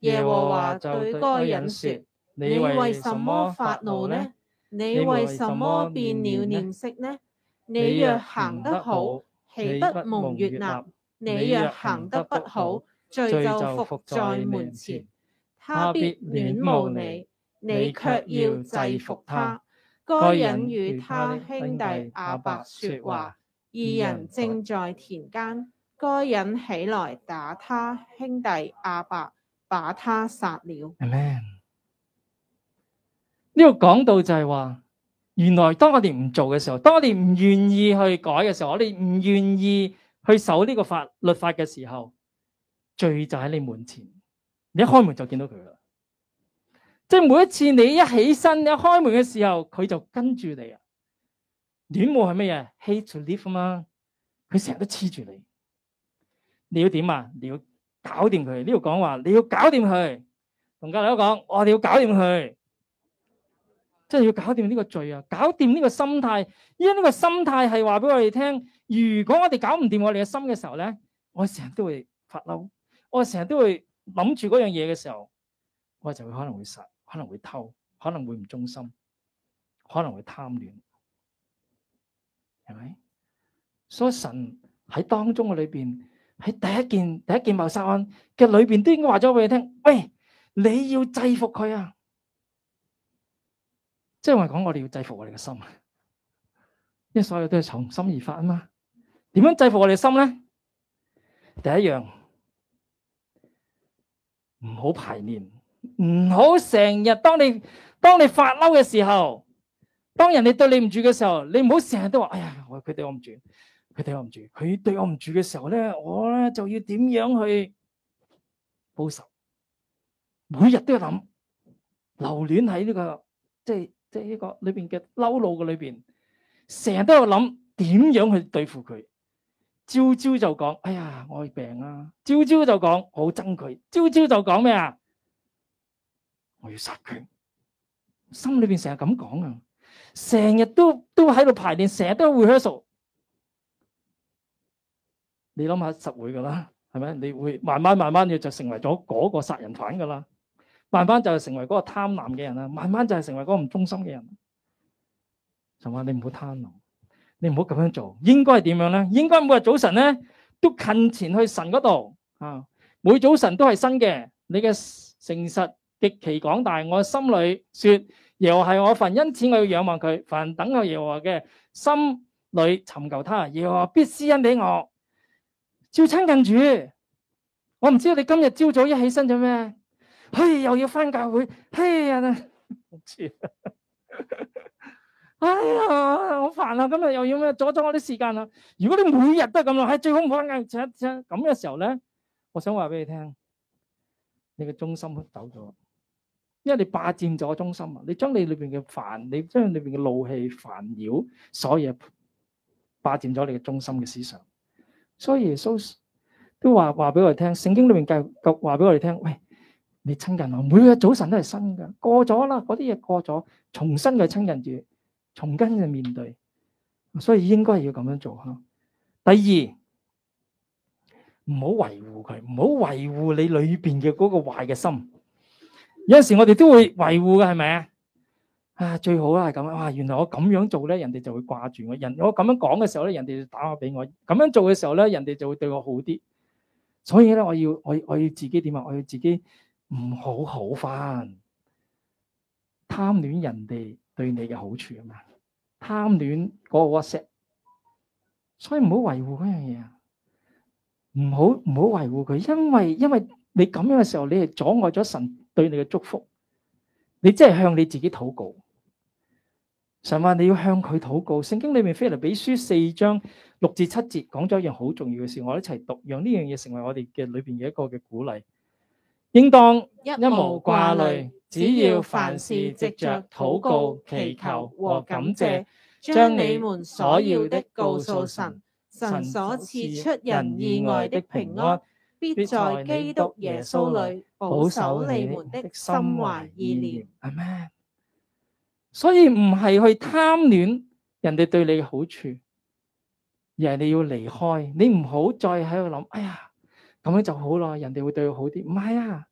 耶和華對該隱說：你為什麼發怒呢？你為什麼變了臉色呢？你若行得好，豈不蒙悅納；你若行得不好，罪就伏在門前。他必戀慕你，你卻要制服他。該隱與他兄弟亞伯說話，二人正在田間，該隱起來打他兄弟亞伯。把他殺了。Amen。呢個講到就係話，原來當我哋唔做嘅時候，當我哋唔願意去改嘅時候，我哋唔願意去守呢個法律法嘅時候，罪就喺你門前。你一開門就見到佢啦。即係每一次你一起身你一開門嘅時候，佢就跟住你啊。戀慕係乜嘢？Hate to live 嘛？佢成日都黐住你。你要點啊？你要？搞掂佢。呢度講話，你要搞掂佢，同教友講，我哋要搞掂佢，真係要搞掂呢個罪啊！搞掂呢個心態，而家呢個心態係話俾我哋聽，如果我哋搞唔掂我哋嘅心嘅時候咧，我成日都會發嬲，我成日都會諗住嗰樣嘢嘅時候，我就會可能會殺，可能會偷，可能會唔忠心，可能會貪戀，係咪？所以神喺當中嘅裏邊。喺第一件第一件謀殺案嘅裏邊，都應該話咗俾你聽，喂，你要制服佢啊！即係話講，我哋要制服我哋嘅心，因為所有都係從心而發啊嘛。點樣制服我哋嘅心咧？第一樣唔好排念，唔好成日當你當你發嬲嘅時候，當人哋對你唔住嘅時候，你唔好成日都話，哎呀，我佢對我唔住。佢對我唔住，佢對我唔住嘅時候咧，我咧就要點樣去報仇？每日都要諗，留戀喺呢個即係即係呢個裏邊嘅嬲怒嘅裏邊，成日都有諗點樣去對付佢。朝朝就講，哎呀，我要病啊！朝朝就講，我憎佢。朝朝就講咩啊？我要殺佢！心裏邊成日咁講啊，成日都都喺度排練，成日都會你諗下，實會噶啦，係咪？你會慢慢慢慢，你就成為咗嗰個殺人犯噶啦，慢慢就係成為嗰個貪婪嘅人啊，慢慢就係成為嗰個唔忠心嘅人，係嘛？你唔好貪婪，你唔好咁樣做。應該係點樣咧？應該每日早晨咧都近前去神嗰度啊！每早晨都係新嘅，你嘅誠實極其廣大。我心裡說：耶和華係我分，因此我要仰望佢，凡等候耶和華嘅心裡尋求他，耶和華必施恩俾我。照親近主，我唔知道你今日朝早一起身做咩？嘿，又要翻教會，嘿呀，唔、啊、知，哎呀，好煩啊！今日又要咩？阻咗我啲時間啦、啊。如果你每日都係咁樣，喺最好唔好咁樣。咁、哎、嘅時候咧，我想話俾你聽，你嘅中心走咗，因為你霸占咗中心啊！你將你裏邊嘅煩，你將裏邊嘅怒氣煩擾，所有霸占咗你嘅中心嘅思想。所以耶穌都話話俾我哋聽，聖經裏面教話俾我哋聽，喂，你親近我，每日早晨都係新嘅。過咗啦，嗰啲嘢過咗，重新嘅親近住，重新嘅面對，所以應該係要咁樣做咯。第二，唔好維護佢，唔好維護你裏邊嘅嗰個壞嘅心。有陣時我哋都會維護嘅，係咪啊？啊，最好啊係咁啊！哇，原來我咁樣做咧，人哋就會掛住我。人我咁樣講嘅時候咧，人哋打我俾我。咁樣做嘅時候咧，人哋就會對我好啲。所以咧，我要我我要自己點啊？我要自己唔好好翻，貪戀人哋對你嘅好處啊嘛！貪戀嗰個 WhatsApp，所以唔好維護嗰樣嘢啊！唔好唔好維護佢，因為因為你咁樣嘅時候，你係阻礙咗神對你嘅祝福。你即係向你自己禱告。神話你要向佢禱告，聖經裏面腓立比書四章六至七節講咗一樣好重要嘅事，我一齊讀，讓呢樣嘢成為我哋嘅裏邊嘅一個嘅鼓勵。應當一一無掛慮，只要凡事藉着禱告、祈求和感謝，將你們所要的告訴神，神所賜出人意外的平安，必在基督耶穌裏保守你們的心懷意念。阿門。所以唔係去貪戀人哋對你嘅好處，而係你要離開，你唔好再喺度諗，哎呀咁樣就好啦，人哋會對我好啲。唔係啊，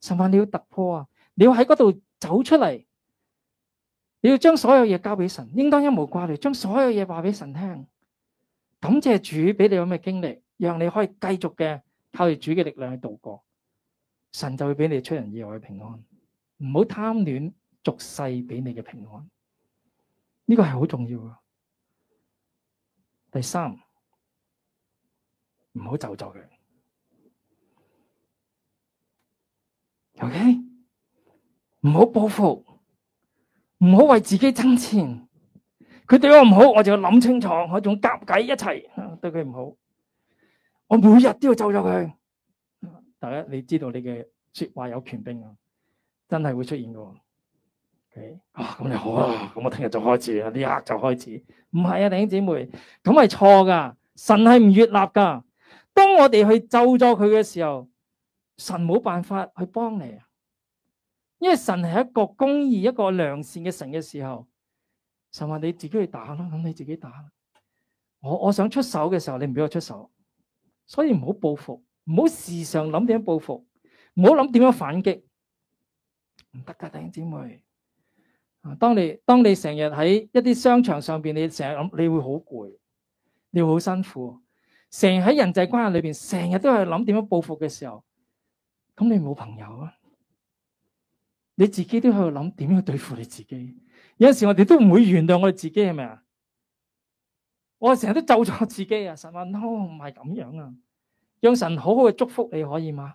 神話，你要突破啊，你要喺嗰度走出嚟，你要將所有嘢交俾神，應當一無掛慮，將所有嘢話俾神聽，感謝主俾你有咩經歷，讓你可以繼續嘅靠住主嘅力量去度過，神就會俾你出人意外嘅平安。唔好貪戀。俗世俾你嘅平安，呢、這個係好重要噶。第三，唔好咒咗佢。OK，唔好報復，唔好為自己爭錢。佢對我唔好，我就要諗清楚，我仲夾計一齊對佢唔好。我每日都要咒咗佢。第一，你知道你嘅說話有權柄啊，真係會出現噶。哇！咁、啊、你好啊，咁我聽日就開始，啊，呢一刻就開始，唔係啊，弟兄姊妹，咁係錯噶，神係唔越立噶。當我哋去咒詛佢嘅時候，神冇辦法去幫你啊，因為神係一個公義、一個良善嘅神嘅時候，神話你自己去打啦，咁你自己打，自己打。我我想出手嘅時候，你唔俾我出手，所以唔好報復，唔好時常諗點樣報復，唔好諗點樣反擊，唔得噶，弟兄姊妹。當你當你成日喺一啲商場上邊，你成日諗，你會好攰，你會好辛苦，成日喺人際關係裏邊，成日都係諗點樣報復嘅時候，咁你冇朋友啊？你自己都喺度諗點樣對付你自己。有陣時我哋都唔會原諒我哋自己，係咪啊？我成日都咒咗自己啊！神話 no，唔係咁樣啊！讓神好好嘅祝福你，可以嗎？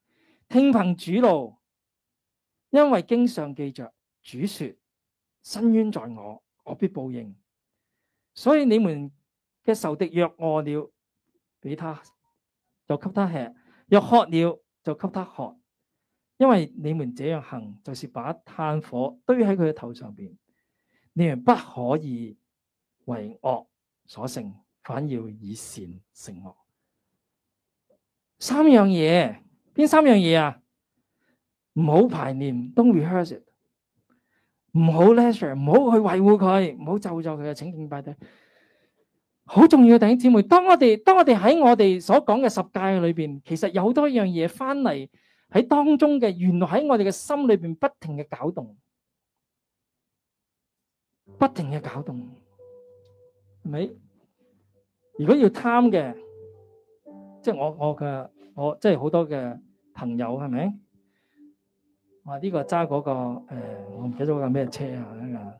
聽憑主怒，因為經上記着主說：伸冤在我，我必報應。所以你們嘅仇敵若餓了，俾他就給他吃；若渴了，就給他喝。因為你們這樣行，就是把炭火堆喺佢嘅頭上邊。你們不可以為惡所勝，反要以善勝惡。三樣嘢。邊三樣嘢啊？唔好排練，don't rehearse it，唔好 lecture，唔好去維護佢，唔好咒咒佢嘅，請敬拜。好重要，弟兄姊妹。當我哋當我哋喺我哋所講嘅十誡裏邊，其實有好多樣嘢翻嚟喺當中嘅，原來喺我哋嘅心裏邊不停嘅攪動，不停嘅攪動，係咪？如果要貪嘅，即係我我嘅。我、哦、即係好多嘅朋友係咪，這個那個呃這個？哇！呢個揸嗰個我唔記得咗架咩車啊？呢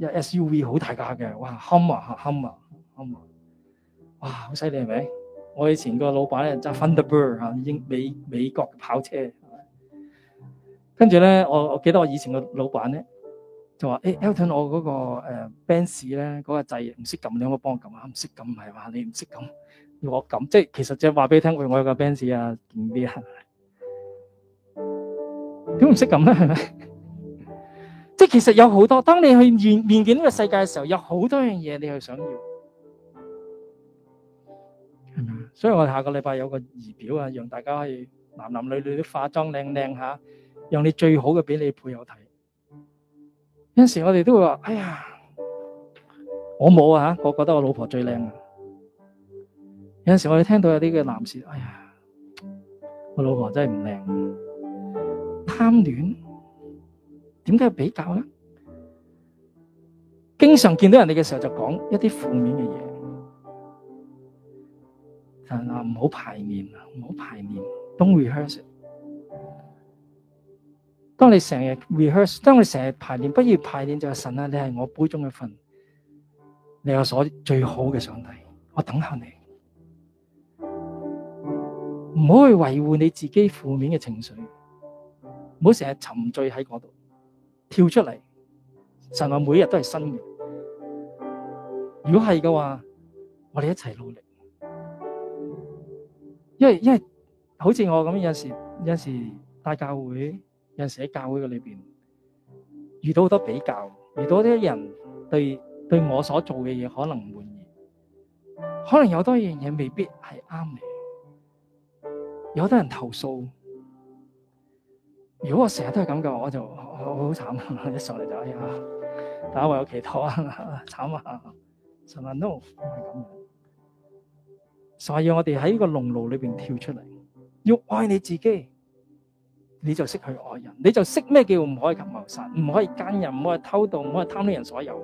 個一 SUV 好大架嘅，哇！Hummer 啊，Hummer 啊，Hummer 啊！哇，好犀利係咪？我以前個老闆咧揸 Fenderbird 啊，英美美國跑車。跟住咧，我我記得我以前老闆呢、欸 ton, 我那個老闆咧就話：誒，Elton，我嗰個 Benz 咧嗰個掣唔識撳，你可唔可以幫我撳啊？唔識撳係嘛？你唔識撳。我咁即係，其實即係話俾你聽，我我有個 Benz 啊，點啲啊，點唔識咁咧？係咪？即係其實有好多，當你去面面見呢個世界嘅時候，有好多樣嘢你去想要，係咪？所以我下個禮拜有個儀表啊，讓大家去男男女女都化妝靚靚下，讓你最好嘅俾你配偶睇。有時我哋都會話：哎呀，我冇啊吓，我覺得我老婆最靚啊。有陣時我哋聽到有啲嘅男士，哎呀，我老婆真係唔靚，貪戀，點解要比較呢？經常見到人哋嘅時候就講一啲負面嘅嘢，啊唔好排練啊，唔好排練，Don't rehearse，當你成日 rehearse，當你成日排練，不如排練就係神啦，你係我杯中嘅份，你有所最好嘅上帝。我等下你。唔好去維護你自己負面嘅情緒，唔好成日沉醉喺嗰度，跳出嚟。神話每日都係新嘅，如果係嘅話，我哋一齊努力。因為因為好似我咁，有時有時帶教會，有時喺教會嘅裏邊遇到好多比較，遇到啲人對對我所做嘅嘢可能唔滿意，可能有多樣嘢未必係啱你。有好多人投訴，如果我成日都係咁嘅，我就好慘。一上嚟就哎呀，大家唯有祈禱啊，慘啊！神啊都唔係咁嘅。所以我哋喺呢個籠牢裏邊跳出嚟，要愛你自己，你就識去愛人，你就識咩叫唔可以謀殺，唔可以姦淫，唔可以偷盜，唔可以貪呢人所有，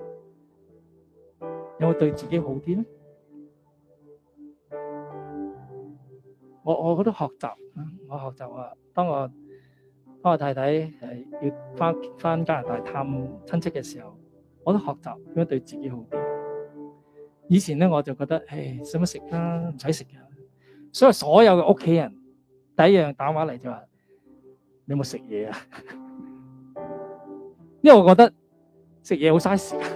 有冇對自己好啲咧。我我覺得學習，我學習啊！當我當我太太係要翻翻加拿大探親戚嘅時候，我都學習點樣對自己好啲。以前咧我就覺得，誒使乜食啦，唔使食嘅。所以所有嘅屋企人第一樣打電話嚟就話：你有冇食嘢啊？ [LAUGHS] 因為我覺得食嘢好嘥時間，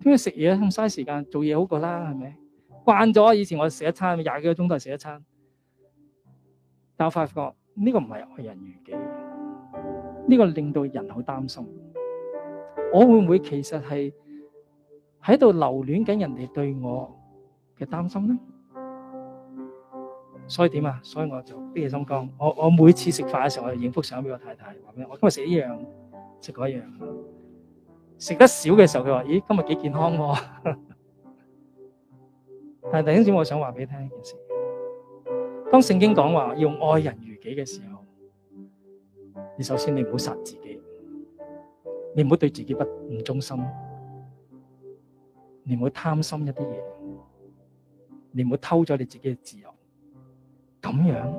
點解食嘢咁嘥時間？做嘢好過啦，係咪？慣咗以前我食一餐廿幾個鐘頭食一餐。但我發覺呢個唔係愛人如己，呢個令到人好擔心。我會唔會其實係喺度留戀緊人哋對我嘅擔心呢？所以點啊？所以我就咩心講？我我每次食飯嘅時候，我影幅相俾我太太，話俾我今日食呢樣，食嗰樣，食得少嘅時候，佢話：咦，今日幾健康喎？但係突然之間，我想話俾你聽一件事。當聖經講話要愛人如己嘅時候，你首先你唔好殺自己，你唔好對自己不唔忠心，你唔好貪心一啲嘢，你唔好偷咗你自己嘅自由，咁樣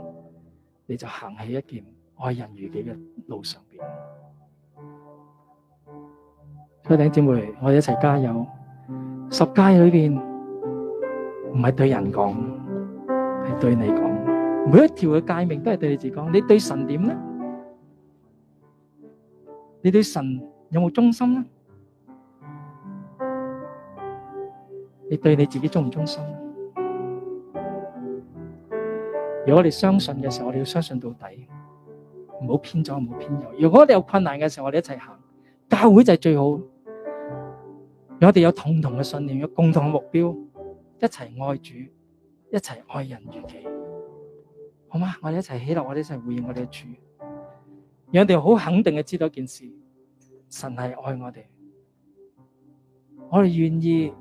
你就行喺一件愛人如己嘅路上邊。所以，兄弟姐妹，我哋一齊加油！十誡裏邊唔係對人講，係對你講。每一條嘅誡命都係對你自己講，你對神點咧？你對神有冇忠心咧？你對你自己忠唔忠心？如果我哋相信嘅時候，我哋要相信到底，唔好偏左，唔好偏右。如果我哋有困難嘅時候，我哋一齊行教會就係最好。如果我哋有共同嘅信念，有共同嘅目標，一齊愛主，一齊愛人如己。好嘛，我哋一齊起立，我哋一齊回應我哋嘅主。讓我哋好肯定嘅知道一件事，神係愛我哋。我哋願意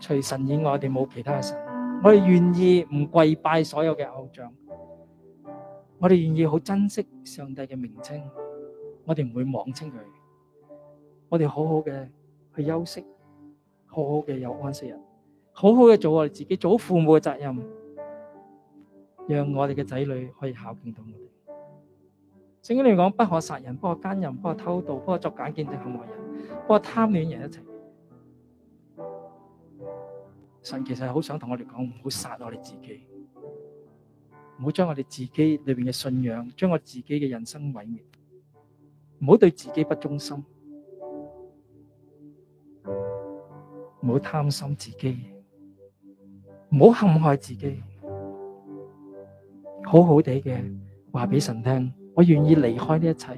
除神以外，我哋冇其他嘅神。我哋願意唔跪拜所有嘅偶像。我哋願意好珍惜上帝嘅名稱，我哋唔會妄稱佢。我哋好好嘅去休息，好好嘅有安息日，好好嘅做我哋自己，做好父母嘅責任。讓我哋嘅仔女可以孝敬到我哋。聖經嚟講：不可殺人，不可奸淫，不可偷盜，不可作假見證陷害人，不可貪戀人一切。神其實好想同我哋講：唔好殺我哋自己，唔好將我哋自己裏邊嘅信仰，將我自己嘅人生毀滅，唔好對自己不忠心，唔好貪心自己，唔好陷害自己。好好地嘅話俾神聽，我願意離開呢一切，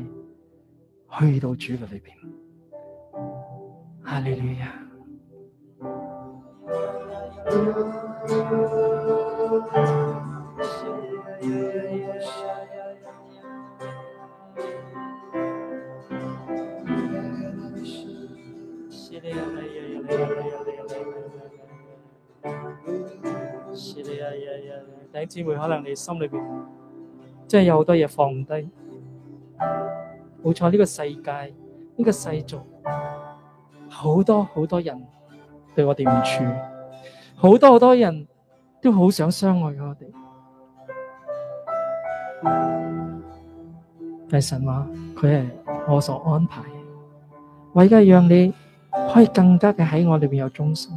去到主嘅裏邊。阿李李啊！姊妹，可能你心裏邊真係有好多嘢放唔低。冇錯，呢個世界，呢個世俗，好多好多人對我哋唔處，好多好多人都好想傷害我哋。但神話佢係我所安排，為嘅讓你可以更加嘅喺我裏邊有忠心。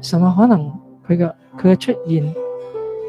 神話可能佢嘅佢嘅出現。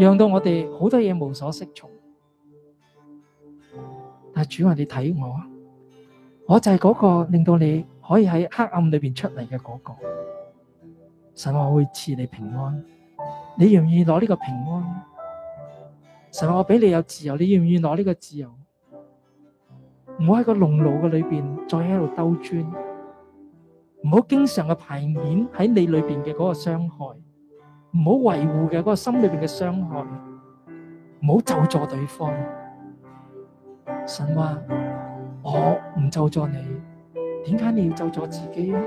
讓到我哋好多嘢無所適從，但係主話你睇我，我就係嗰個令到你可以喺黑暗裏邊出嚟嘅嗰個。神話會賜你平安，你願唔願意攞呢個平安？神話我俾你有自由，你願唔願意攞呢個自由？唔好喺個籠牢嘅裏邊再喺度兜轉，唔好經常嘅排面喺你裏邊嘅嗰個傷害。唔好維護嘅嗰個心裏邊嘅傷害，唔好咒詛對方。神話我唔咒詛你，點解你要咒詛自己啊？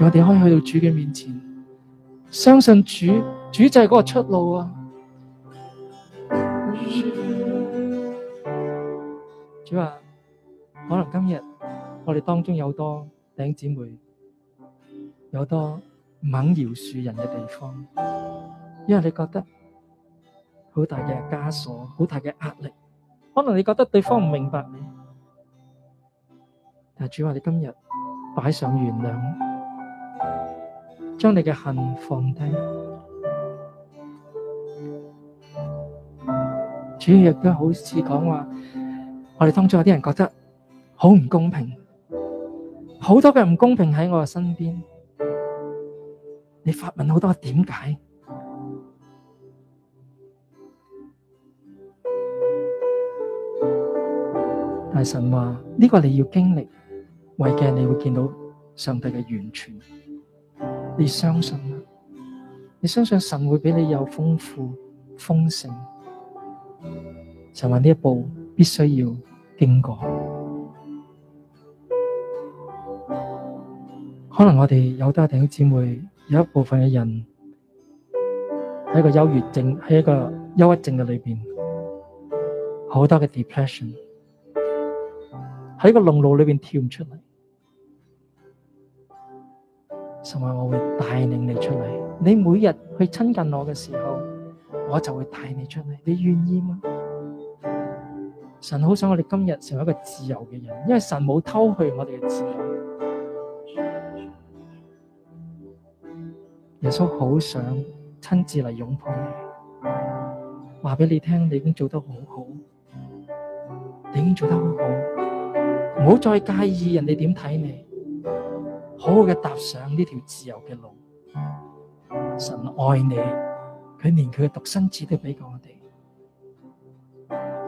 我哋可以去到主嘅面前，相信主，主就係嗰個出路啊！主話、啊：可能今日我哋當中有多頂姊妹。有多唔肯饒恕人嘅地方，因為你覺得好大嘅枷鎖，好大嘅壓力，可能你覺得對方唔明白你。但係主話：你今日擺上原諒，將你嘅恨放低。主亦都好似講話，我哋當中有啲人覺得好唔公平，好多嘅唔公平喺我嘅身邊。你發問好多點解？大神話呢個你要經歷，為嘅你會見到上帝嘅完全。你相信咩？你相信神會俾你有豐富豐盛？神話呢一步必須要經過。可能我哋有啲弟兄姊妹。有一部分嘅人喺一個憂鬱症，喺一個憂鬱症嘅裏邊，好多嘅 depression 喺個籠路裏邊跳唔出嚟。神話我會帶領你出嚟，你每日去親近我嘅時候，我就會帶你出嚟。你願意嗎？神好想我哋今日成為一個自由嘅人，因為神冇偷去我哋嘅自由。耶穌好想親自嚟擁抱你，話俾你聽，你已經做得好好，你已經做得好好，唔好再介意人哋點睇你，好好嘅踏上呢條自由嘅路。神愛你，佢連佢嘅獨生子都俾過我哋，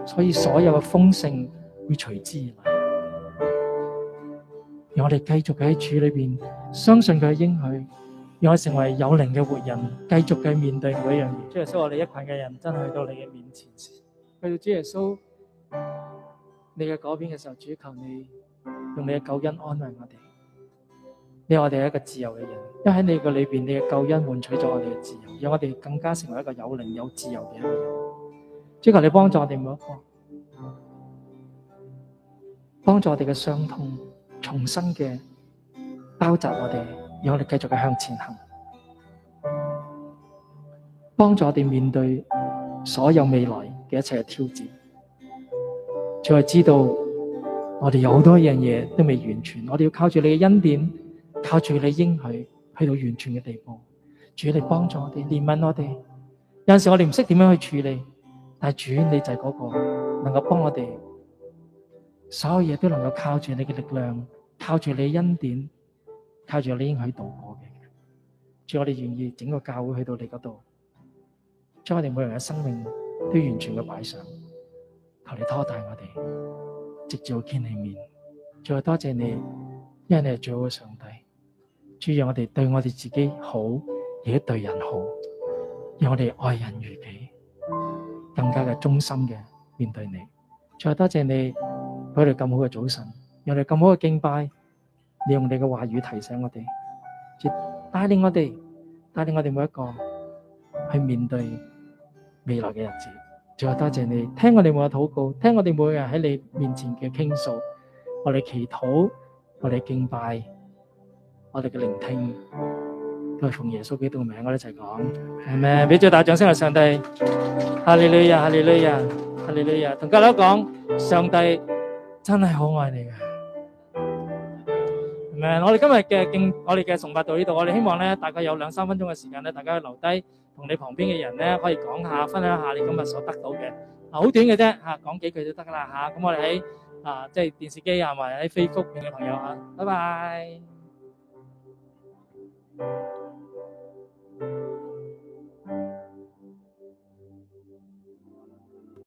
所以所有嘅豐盛會隨之而嚟，而我哋繼續喺主裏邊，相信佢嘅應許。讓我成為有靈嘅活人，繼續嘅面對每一樣嘢。主耶穌，我哋一群嘅人真係去到你嘅面前先去到主耶穌你嘅嗰邊嘅時候，主求你用你嘅救恩安慰我哋，令我哋係一個自由嘅人。因為喺你嘅裏邊，你嘅救恩換取咗我哋嘅自由，讓我哋更加成為一個有靈、有自由嘅一個人。主求你幫助我哋每一個，幫助我哋嘅傷痛重新嘅包紮我哋。讓我哋繼續嘅向前行，幫助我哋面對所有未來嘅一切嘅挑戰。就係知道我哋有好多樣嘢都未完全，我哋要靠住你嘅恩典，靠住你應許去到完全嘅地步。主，你幫助我哋，憐憫我哋。有陣時我哋唔識點樣去處理，但係主你就係嗰個能夠幫我哋，所有嘢都能夠靠住你嘅力量，靠住你嘅恩典。靠住我哋已經可以度過嘅，主，我哋願意整個教會去到你嗰度，將我哋每個人嘅生命都完全嘅擺上，求你拖帶我哋，直至見你面。再多謝你，因為你係最好嘅上帝。主，讓我哋對我哋自己好，亦對人好，讓我哋愛人如己，更加嘅忠心嘅面對你。再多謝你，俾我哋咁好嘅早晨，有嚟咁好嘅敬拜。你用你嘅話語提醒我哋，帶領我哋，帶領我哋每一個去面對未來嘅日子。最後多謝你，聽我哋每日禱告，聽我哋每日喺你面前嘅傾訴，我哋祈禱，我哋敬拜，我哋嘅聆聽，都係奉耶穌基督嘅名，我哋一齊講，係咪？俾最大掌聲呀，上帝，哈利路亞，哈利路亞，哈利路亞，同家姐講，上帝真係好愛你呀。誒，我哋今日嘅敬我哋嘅崇拜到呢度，我哋希望咧大概有兩三分鐘嘅時間咧，大家留低同你旁邊嘅人咧可以講下，分享下你今日所得到嘅，啊，好短嘅啫嚇，講幾句就得㗎啦嚇。咁我哋喺啊，即係電視機啊，或者喺 Facebook 邊嘅朋友嚇，拜拜。